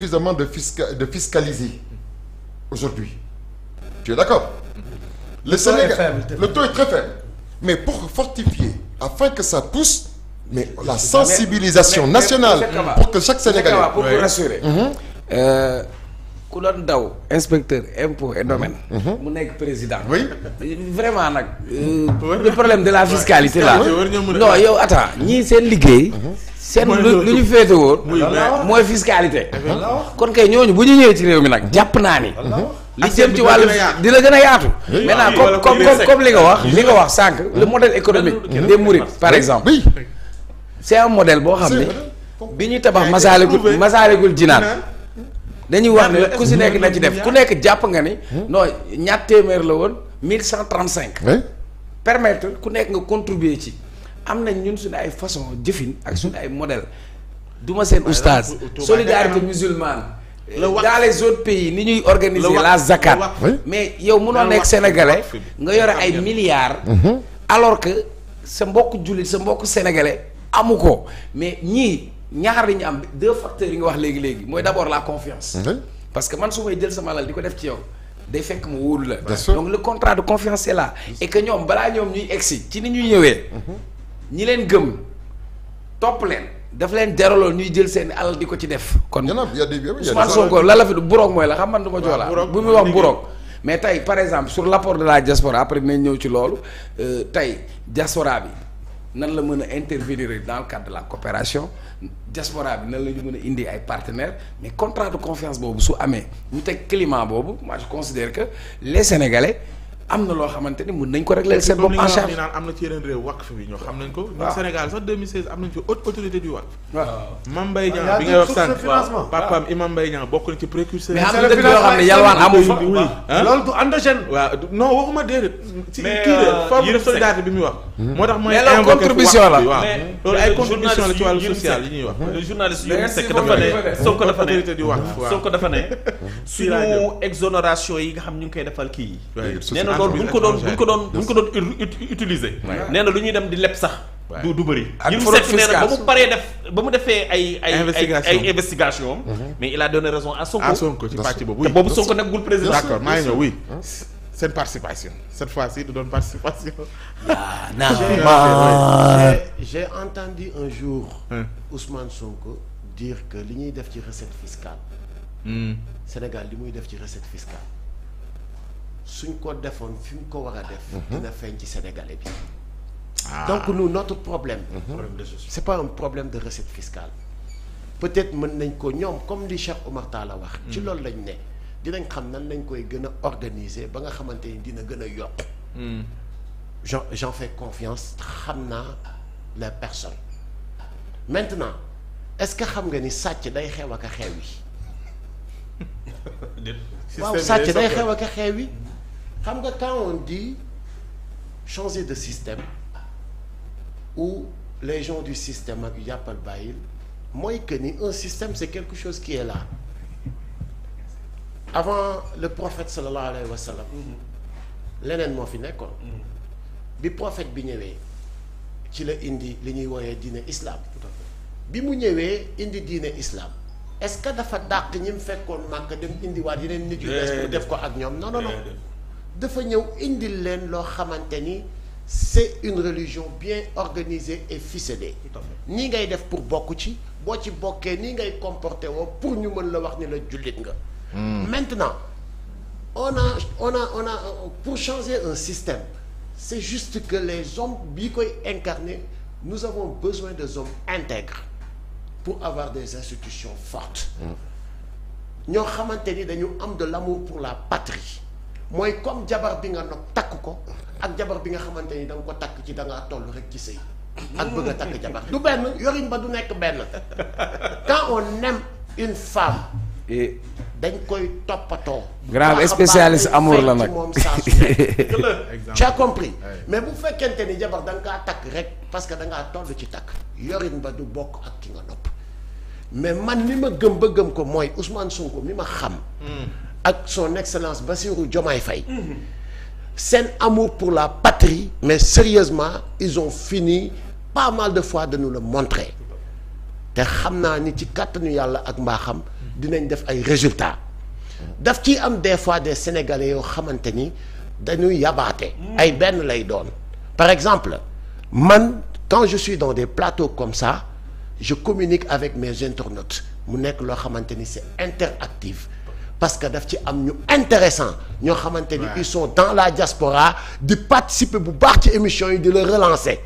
suffisamment de de fiscaliser aujourd'hui tu es d'accord mm-hmm. le, le Sénégal le taux est très faible mais pour fortifier afin que ça pousse mais la sensibilisation nationale pour que chaque Sénégalais pour rassurer mm-hmm. euh, ku doon daw inspecteur impôt et domaine. Mm-hmm. Mm-hmm. mu nekk président. oui vraiment nag. Euh, le problème de la fiscalité là. non yow attends ñii seen liggéey. Mm-hmm. seen lu lu ñu féete woon. mooy fiscalité. Eh kon kay ñooñu bu ñu ñëwee ci réew mi nag jàpp naa ni. li jëm ci wàllu dina gën a yaatu. maintenant comme comme comme li nga wax. li nga wax sànq le modèle économique. des mourides par exemple. c'est un modèle boo xam ne. bi ñuy tabax masaalikul masaalikul jinaan dañuy wax ne ku si nekk na ci def ku nekk jàpp nga ni. non ñaar téeméer la woon mille cent trente cinq. permettre ku nekk nga contribuer ci am nañ ñun suñ ay façon jëfin ak suñu mhm. ay modèle du ma seen oustaz solidarité musulmane dans les autres pays ni ñuy organiser la zakat mais yow mënoo nekk sénégalais nga yore ay milliards mhm. alors que sa mbokk jullit sa mbokk sénégalais amu ko mais ñii ñaar li ñu am deux facteurs yi nga wax léegi léegi mooy d'abord la confiance. parce que man su may jël sama alal di ko def ci yow. day fekk mu wóolu la. donc le contrat de confiance est là. ñoom balaa ñoom ñuy egsi ci ni ñuy ñëwee. Mhm. ñi leen gëm topp leen. daf leen jaraloon ñuy jël seen alal di ko ci def. kon Ousmane Sonko la la fi buroog mooy la xam man du ma joolaa bu muy wax buroog mais tey par exemple sur l'apport de la diaspora après dinañ ñëw ci loolu euh, tey diaspora bi. nan la mën a intervenir dans le cadre de la coopération diaspora bi nan la ñu mën a indi ay partenaires mais contrat de confiance boobu su amee ñu teg climat boobu moi je considère que les Sénégalais am na loo xamante ni mun nañ ko régler seen bopp en charge naan na ci xam nañ ko ñun Sénégal sax 2016 am nañ fi autorité du waqf waaw Mame Mbaye ah, bi ngay wax sànq papaam Imam bokk na ci précurseur mais am ah. euh, bi muy wax hmm. moo tax mooy contribution la waaw loolu ay contribution la ci wàllu social yi ñuy wax le journaliste dafa ne Sonko dafa yi nga xam ñu ngi koy defal kii loolu bu ñu ko doon bu ñu ko doon bu ñu ko doon utiliser nee na lu ñuy dem di leb sax du du bëri ñi mu seet nee na ba mu def ba mu defee ay ay ay investigation mhm. mais il a donné raison à Sonko à Sonko ci pàcc boobu te boobu Sonko nekkul président d'accord maa ngi ñëw oui seen participation cette fois-ci du doon participation. ah non non ah. j'ai entendu un jour. Ousmane ko dire que li ñuy def ci recette fiscale. Hmm. Sénégal li muy def ci recette fiscale. suñ ko defoon fi mu ko war a def. Mhm. dina feeñ ci sénégalais bi. Ah. donc nous notre problème. Mhm. problème de c'est pas un problème de recette fiscale. peut-être mën nañ ko ñoom comme li Cheikh Omar Talla wax. Mhm. ci loolu lañ ne dinañ xam nan lañ koy gën a organiser ba nga xamante ni dina gën a yokk. Mm. j'en j'en fais confiance xam naa la personne. maintenant est-ce que xam nga ni sàcc day xew ak a xew yi. waaw sàcc day xew ak a xew yi. xam nga quand on dit changer de système ou les gens du système ak yàppal bàyyil mooy que ni un système c'est quelque chose ki est là avant le profet sallallahu alayhi wa leneen moo fi nekkoon bi prophète bi ñëwee ci la indi li ñuy wooyee diine islaam bi mu ñëwee indi diine islam est-ce que dafa dàq ñi mu fekkoon màkk dem indiwaat yeneen nit yu def ko ak ñoom non non non dafa ñëw indil leen loo xamante ni c'est une religion bien organisée et ficelée nii ngay def pour bokk ci boo ci bokkee nii ngay comporté woo pour ñu mën la wax ni la jullit nga hmm. maintenant on a on a on a pour changer un système c'est juste que les hommes bi koy incarner nous avons besoin des hommes intègres pour avoir des institutions fortes hmm. ñoo xamante ni dañu am de l'amour pour la patrie mooy comme jabar bi nga nopp takk ko ak jabar bi nga xamante ni da ko takk ci da ngaa toll rek ci sëy ak bëgg a takk jabar du benn yorin ba du nekk benn quand on aime une femme dañ koy toppatoo grave spécialiste amul la nag moom saa su j'ai mais bu fekkente ni jabar da kaa takk rek parce que da ngaa toll ci takk yorin ba du bokk ak ki nga nopp mais man li ma gëm ba gëm ko mooy Ousmane ko mi ma xam hmm. ak son excellence Bassirou Diomaye fay seen amour pour la patrie mais sérieusement ils ont fini pas mal de fois de nous le montrer te xam naa ni ci kàttanu yàlla ak mbaaxam dinañ def ay résultats daf ci am des fois des sénégalais yoo xamante ni dañuy yabaate ay benn lay doon par exemple man quand je suis dans des plateaux comme ça je communique avec mes internautes mu nekk loo xamante ni c'est interactif parce que daf ci am ñu intéressant ñoo xamante ni ils sont dans la diaspora di participer bu baax ci émission yi di la relancer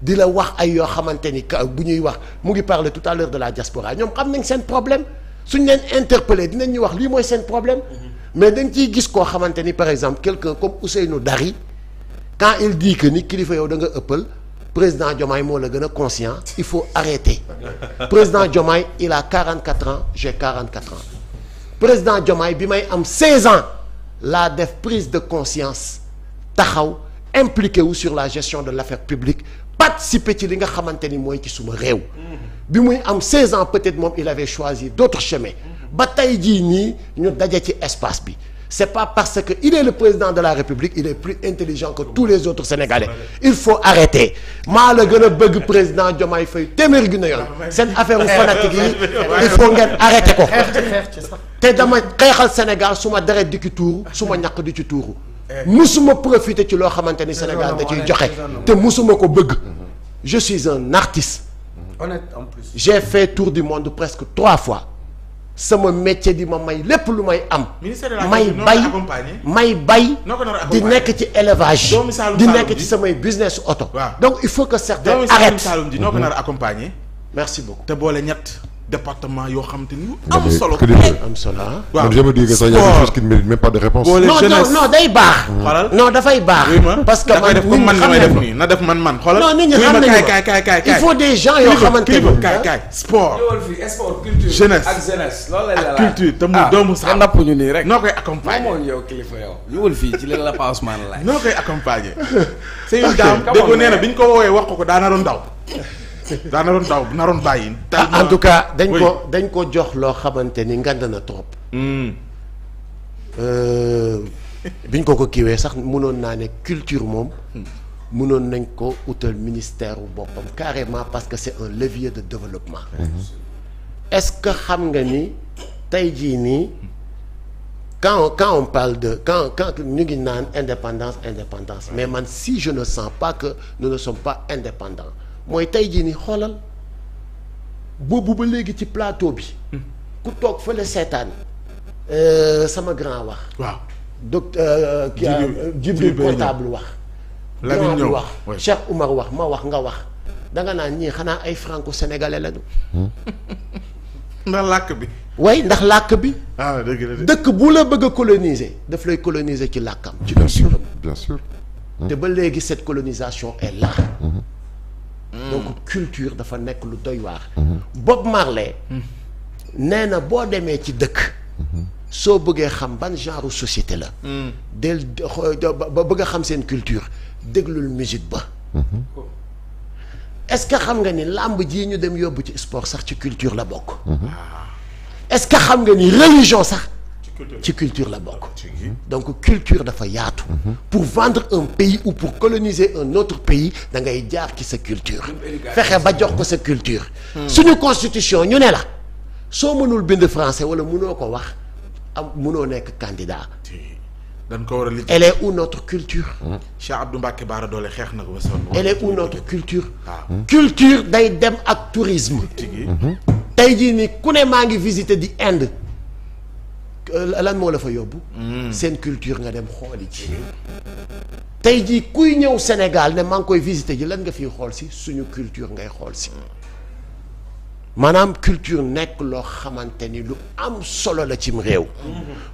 di la wax ay yoo xamante ni ka bu ñuy wax mu ngi parler tout à l'heure de la diaspora ñoom xam nañ seen problème suñ leen interpellé dinañ ñu wax lii mooy seen problème mm-hmm. mais dañ ciy gis koo xamante ni par exemple quelqu'un comme Ousseynou Dari quand il dit que ni kilifa yow da nga ëppal président Diomaye moo la gën a conscient il faut arrêter président Diomaye il a 44 ans j'ai 44 ans président Diomaye bi may am 16 ans laa def prise de conscience taxaw impliqué wu sur la gestion de l'affaire publique participer ci li nga xamante ni mooy ci suma réew. bi muy am 16 ans peut-être moom il avait choisi d'autres chemins. ba tey jii nii ñu daje ci espace bi. c'est pas parce que il est le président de la République il est plus intelligent que tous les autres Sénégalais il faut arrêter maa la gën a bëgg président Diomaye Faye téeméer gi na yoon seen affaire u fanatique yi il faut ngeen arrêter ko te dama xeexal Sénégal su ma deret di ci tuuru ma ñaq di ci tuuru musuma profiter ci loo xamante ni Sénégal da ciy joxe te musuma ko bëgg je suis un artiste honnête j'ai fait tour du monde presque trois fois sama métier di ma may lépp lu may am. may bay may bay. di nekk ci élevage. di nekk ci samay business oto. donc il faut que certains arrêtent. doomi Saalum Saalum di noo mhm. merci beaucoup te boole ñett. département yoo xamante te ni. Eh, am solo am ah. solo waaw man y a des choses qui baax. Hmm. xoolal non dafay baax. man nit ñi xam nañu ko na def man man xoolal. non nit ñi xam nañu ko il sport. sport culture jeunesse ak jeunesse. loolu la culture ah, sax. napp ñu nii rek noo koy accompagner. moom yow kilifa yow ñëwal fii la Pa Ousmane laaj. noo koy accompagner. sëñ bi daaw dégg nee na bi ñu ko woowee wax ko ko daana doon daw daa naroon daaw naroon bàyyi. Ah, en tout cas dañ ko dañ ko jox loo xamante ni ngand na trop. Hmm. Euh, biñ ko ko kiwee sax mënoon naa ne culture moom. mënoon nañ ko utal ministère wu boppam carrément parce que c'est un levier de développement. Mmh. est-ce que xam nga ni tey jii nii quand quand on parle de quand quand ñu ngi naan indépendance indépendance. mais man si je ne sens pas que nous ne sommes pas indépendants. mooy tey jii ni xoolal boobu ba léegi ci plateau bi hmm. ku toog fële seetaan euh, sama grand wax waaw docteur Djibril euh, euh, portable wax Lamine ñëw wax Cheikh Oumar wax ma wax nga wax danga naan ñii xanaa ay franco sénégalais lañu hmm. ndax làkk bi waaye ndax làkk bi ah dëgg la dëkk bu la bëgg a coloniser daf lay coloniser ci làkkam ci bien sûr te ba léegi cette colonisation est Mm. donc culture dafa nekk lu doy waar. Mm-hmm. Bob Marley. Mm. nee na boo demee ci dëkk. Mm-hmm. soo bëggee xam ban genre société la. Mm. del ba bëgg a xam seen culture déglul musique ba. Mm-hmm. Oh. est-ce que xam nga ni làmb ji ñu dem yóbbu ci sport sax ci culture la bokk. est-ce que xam nga ni religion sax. ci culture la bokk donc culture dafa yaatu mhm. pour vendre un pays ou pour coloniser un autre pays da ngay jaar ci sa culture fexe ba jox ko sa culture hmm. suñu constitution ñu ne la soo mënul bind français wala mënoo ko wax am mënoo nekk candidat dañ ko war a elle est où notre culture. Hmm. Cheikh Abdou Mbacke Baara Doole xeex na ko ba sonn. elle est notre culture. Ah. Hmm. culture day dem ak tourisme. tey jii nii ku ne maa ngi visiter di Inde. Euh, lan moo la fa yóbbu. Hmm. seen culture nga dem xooli ci. tey jii kuy ñëw Sénégal ne maa ngi koy visité ji lan nga fiy xool si suñu culture ngay xool si. maanaam culture nekk loo xamante ni lu am solo la cim réew.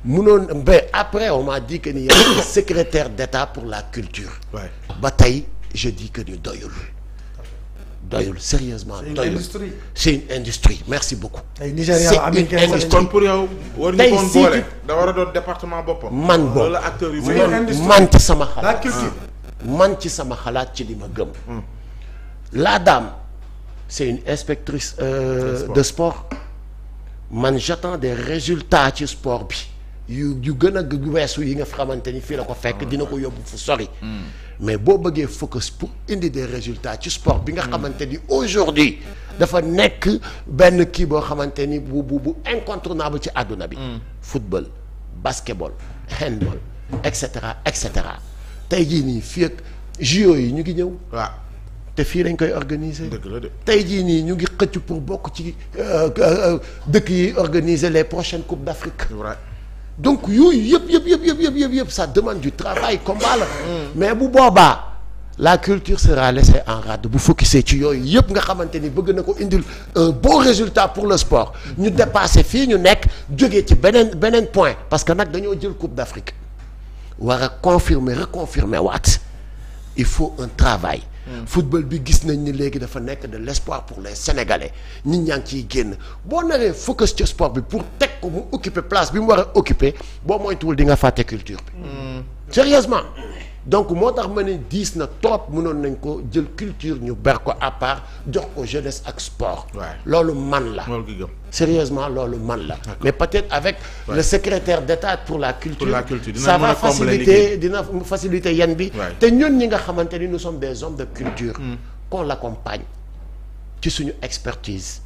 munoon ba après on m'a dit que ni yow secrétaire d'État pour la culture. ba tey je dis que ni doyul. doyul sérieusement doyul c'est une industrie merci beaucoup. ay Nigérian américain kon pour yow. tey si da war a doon département boppam. man boobu man ci sama xalaat. Mm. man ci sama xalaat ci li ma gëm. Mm. la dame c'est une inspectrice. Euh, de sport man j'attends des résultats ci sport bi. yu yu gën a weesu yi nga xamante ni fii la ko fekk dina ko yóbbu fu sori mais boo bëggee focus pour indi des résultats ci sport bi nga xamante ni aujourd'hui dafa nekk benn kii boo xamante ni bu bu bu incontournable ci àdduna bi football basketball handball et cetera et cetera tey jii nii fii ak JO yi ñu ngi ñëw waaw te fii dañ koy organiser dëgg la de tey jii nii ñu ngi xëcc pour bokk ci euh, euh, dëkk yi organiser les prochaine coupes d'Afrique donc yooyu yëpp yëpp yëpp yëpp yëpp yëpp yëpp ça demande du travail combat la mm. mais bu boobaa la culture sera laissée en rade bu focusé ci yooyu yëpp nga xamante ni bëgg na ko indil un bon résultat pour le sport ñu mm. dépassé fii ñu nekk jóge ci beneen beneen point parce que nag dañoo jël Coupe d'Afrique war a confirmer reconfirmer waat il faut un travail Mm. football bi gis nañ ni léegi dafa nekk de l'espoir pour les sénégalais nit ñaa ngi ciy génn boo naree focus ci sport bi pour teg ko mu occuper place bi mu war a occuper boo moytuwul di nga fàtte culture bi. Mm. sérieusement. donc moo tax ma ne diis na trop mënoon nañ ko jël culture ñu ber ko à part jox ko jeunesse ak sport. loolu man la. sérieusement loolu man la. mais peut-être avec ouais. le secrétaire d'État pour la culture. Pour la culture. ça va faciliter dina faciliter yan bi. te ñun ñi nga xamante ni nu sommes des hommes de culture. Mm. qu'on l'accompagne ci suñu expertise.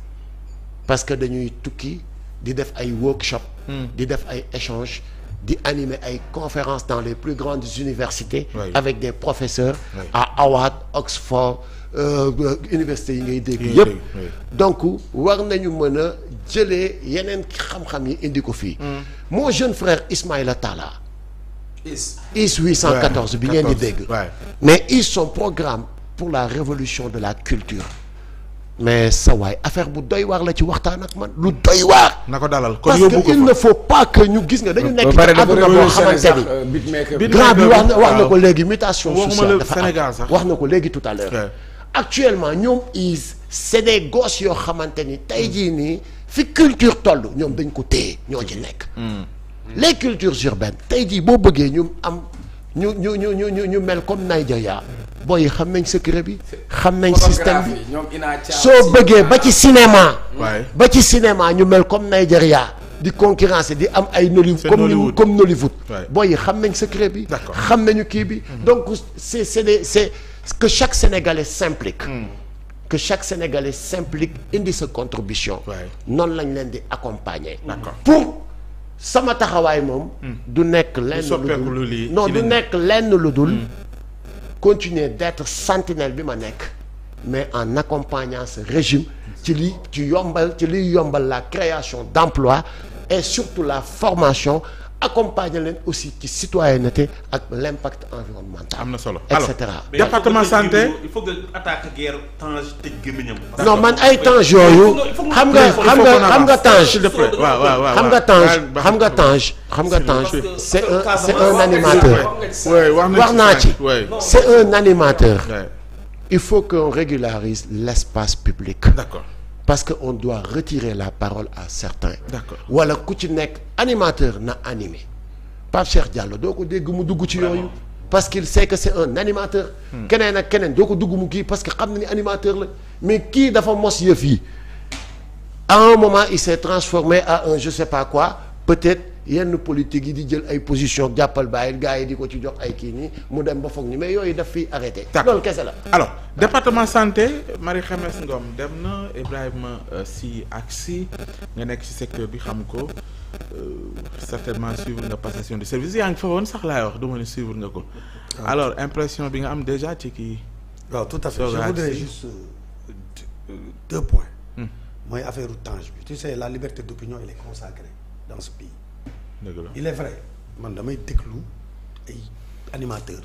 parce que dañuy tukki di def ay workshop. Mm. di def ay échanges. di animer ay conférences dans les plus grandes universités oui. avec des professeurs oui. à Howard Oxford euh, euh, université yi ngay dégg yépp donc war nañu mën a jëlee yeneen xam-xam indi ko fii mm. mon jeune frère Ismaïla Talla IS 814 bi ngeen dégg mais IS son programme pour la révolution de la culture mais sa waay affaire bu doy waar la ci waxtaan ak man lu doy waar. na ko dalal ko parce que il ne faut pas que ñu gis nga dañu nekk. ba àdduna boo xamante ni euh, grand bi wax na ko léegi mutation sociale dafa am wax na ko léegi tout à l'heure actuellement ñoom ils c'est des gosses yoo xamante ni tey jii nii fi culture toll ñoom dañ ko téye ñoo ci nekk. Hmm. les cultures urbaines tey jii boo bëggee ñu am ñu ñu ñu ñu ñu mel comme Nigeria. boy yi xam nañ secret bi. xam nañ système bi soo bëggee ba ci cinéma. ba ci cinéma ñu mel comme Nigeria. di concurrence di am ay Nollywood comme comme Nollywood boy yi xam nañ secret bi. xam nañu kii bi. Mm. donc c'est c'est des que chaque Sénégalais s'implique. Mm. que chaque Sénégalais s'implique indi sa contribution. noonu lañ leen di accompagner. pour sama taxawaay moom. Mm. du du nekk lenn lu dul. continuer d'être sentinelle bi ma nekk mais en accompagnant ce régime ci li ci yombal ci li yombal la création d'emplois et surtout la formation accompagner leen aussi ci citoyenneté ak l'impact environnemental. am na solo et cetera. département santé non man ay tange yooyu. xam nga xam nga xam nga tange. xam nga tange xam nga tange xam nga tange c'est un animateur. wax naa ci c'est un animateur. il faut qu'on régularise l'espace public. parce que on doit retirer la parole à certains. d'accord wala ku ci nekk animateur na animé Pape Cheikh Diallo doo ko dégg mu dugg ci yooyu. parce qu'il sait que c'est un animateur. Hmm. keneen ak keneen doo ko dugg mu kii parce que xam na ni animateur la mais kii dafa mos yëf yi à un moment il s'est transformé à un je sais pas quoi peut-être. yenn politique yi di jël ay position jàppal bàyyil gars yi di ko ci jox ay kii nii mu dem ba foog ni mais yooyu def fi arrêté loolu kese la alors département santé Marie Khemesse Ngom dem na Ibrahima euh, Sy ak Sy nga nekk ci secteur bi xam ko euh, certainement suivre nga passation de service yaa ngi fa woon sax laay wax du ma ne suivre ko ah. alors impression bi nga am déjà ci kii waaw tout à fait je voudrais juste euh, hmm. la liberté d'opinion elle est consacrée dans ce pays dëgg la il est vrai man damay déglu ay animateurs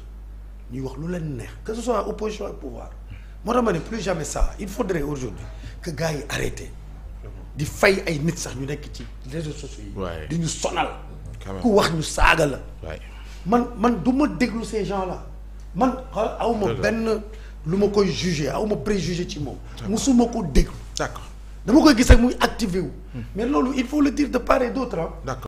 ñuy wax lu leen neex que ce soit opposition et pouvoir moo tax ma ne plus jamais ça il faudrait aujourd'hui que gars yi arrêté di fay ay nit sax ñu nekk ci réseaux sociaux yi. di ñu sonal. ku wax ñu saaga la. man man du ma déglu ces gens là man xaw aw ma benn lu ma koy jugé aw ma préjugé ci moom. musuma ko déglu. d'accord dama koy gis ak muy activer wu. Hmm. mais loolu il faut le dire de part et d'autre.